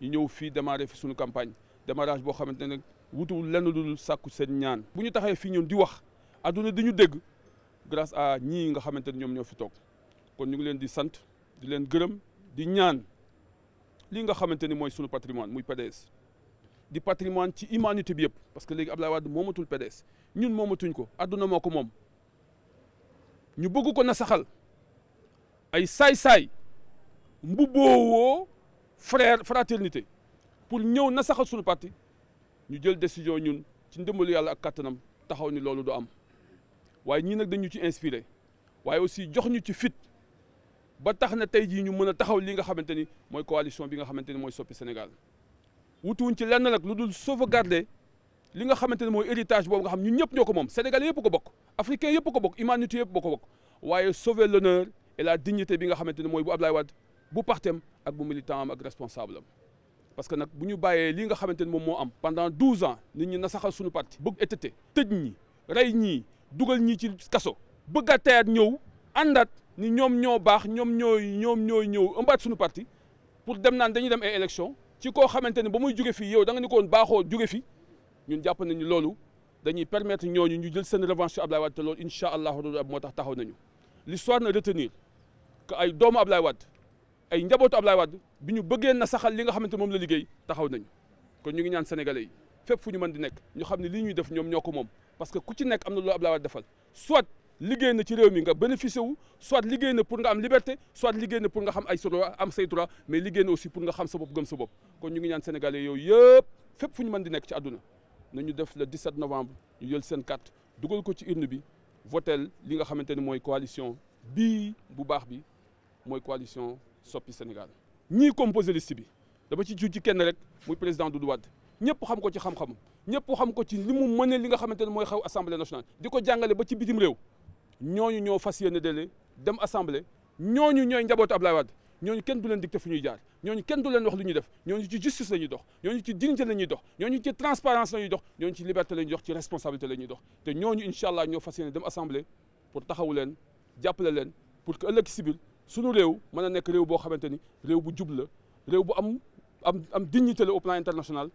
ñu ñëw fii démarré fi suñu campagne démarrage boo xamante ne wutuwul lenn dul sàkku seen ñaan. bu ñu taxee fii ñoom di wax àdduna di ñu dégg grace à ñii nga xamante ne ñoom ñoo fi toog kon ñu ngi leen di sant di leen gërëm di ñaan li nga xamante ni mooy sunu patrimoine muy PDS. di patrimoine ci humanité bi yëpp parce que léegi Abdoulaye Wade moomatul PDS ñun moomatuñ ko àdduna moo ko moom ñu bëgg ko na saxal ay saay-saay mbubboo woo frère fraternité pour ñëw na saxal suñu parti ñu jël décision ñun ci ndimbalu yalla ak katanam taxaw ni loolu du am waaye ñi nag dañu ci inspirer waaye aussi jox ñu ci fit ba tax na tey jii ñu mën a taxaw li nga xamante ni mooy coalition bi nga xamante ni mooy soppi Sénégal wutuwuñ ci lenn nag lu dul sauvegarder li nga xamante ne mooy héritage boobu nga xam ñun ñëpp ñoo ko moom sénégalais yëpp ko bokk africain yëpp ko bokk humanité yëpp ko bokk waaye sauver l'honneur et la dignité bi nga xamante ne mooy bu Ablaye wad bu partem ak bu militant am ak responsable parce que nak buñu bayé li nga xamante mom mo am pendant 12 ans nit ñi nasaxal suñu parti bëgg étêté tej ñi ray ñi duggal ñi ci kasso bëgg a tayaat ñëw àndaat ni ñom ñoo bax ñom ñoy ñom ñoy ñëw ëmbaat suñu parti pour dem naan dañuy dem ay élection ci ko xamante ba muy jóge fi yow da nga ni ko woon baaxoo fi ñun jàpp nañu lolu dañuy permettre ñooñu ñu jël seen revanche Abdoulaye Wade te loolu inshallah allahu rabi moo tax taxaw nañu l'histoire na retenir que ay doomu Abdoulaye Wade ay njabootu Ablaye Wade bi ñu bëggee na saxal li nga xamante moom la liggéey taxaw nañu kon ñu ngi ñaan sénégalais yi fépp fu ñu mën di nekk ñu xam ne li ñuy def ñoom ñoo ko moom parce que ku ci nekk am na loo Ablaye Wade defal soit liggéey na ci réew mi nga bénéficié wu soit liggéey na pour nga am liberté soit liggéey na pour nga xam ay sa droit am say droit mais liggéey na aussi pour nga xam sa bopp gëm sa bopp kon ñu ngi ñaan sénégalais yooyu yëpp fépp fu ñu mën di nekk ci àdduna nañu def le 17 novembre ñu jël seen carte dugal ko ci urne bi votel li nga xamante ne mooy coalition bii bu baax bi mooy coalition soppi Sénégal ñii composé liste bi dama ci juj ci kenn rek muy président Doudou Wade ñëpp xam ko ci xam-xam ñëpp xam ko ci li mu mëne li nga xamante ne mooy assemblée nationale Diko ko jàngale ba ci bitim réew ñooñu ñoo fas yéene dele dem assemblée ñooñu ñooy njabootu Ablaye Wade ñooñu kenn du leen dicté fu ñuy jaar ñooñu kenn du leen wax lu def ñooñu ci justice la ñuy dox ñooñu ci dignité la ñuy dox ñooñu ci transparence la ñuy dox ñooñu ci liberté la ñuy dox ci responsabilité la ñuy dox te ñooñu incha allah ñoo dem assemblée pour taxawu leen jàppale leen pour que ëllëg si biir suñu réew mën a nekk réew boo xamante ni bu jub la bu am am dignité au plan international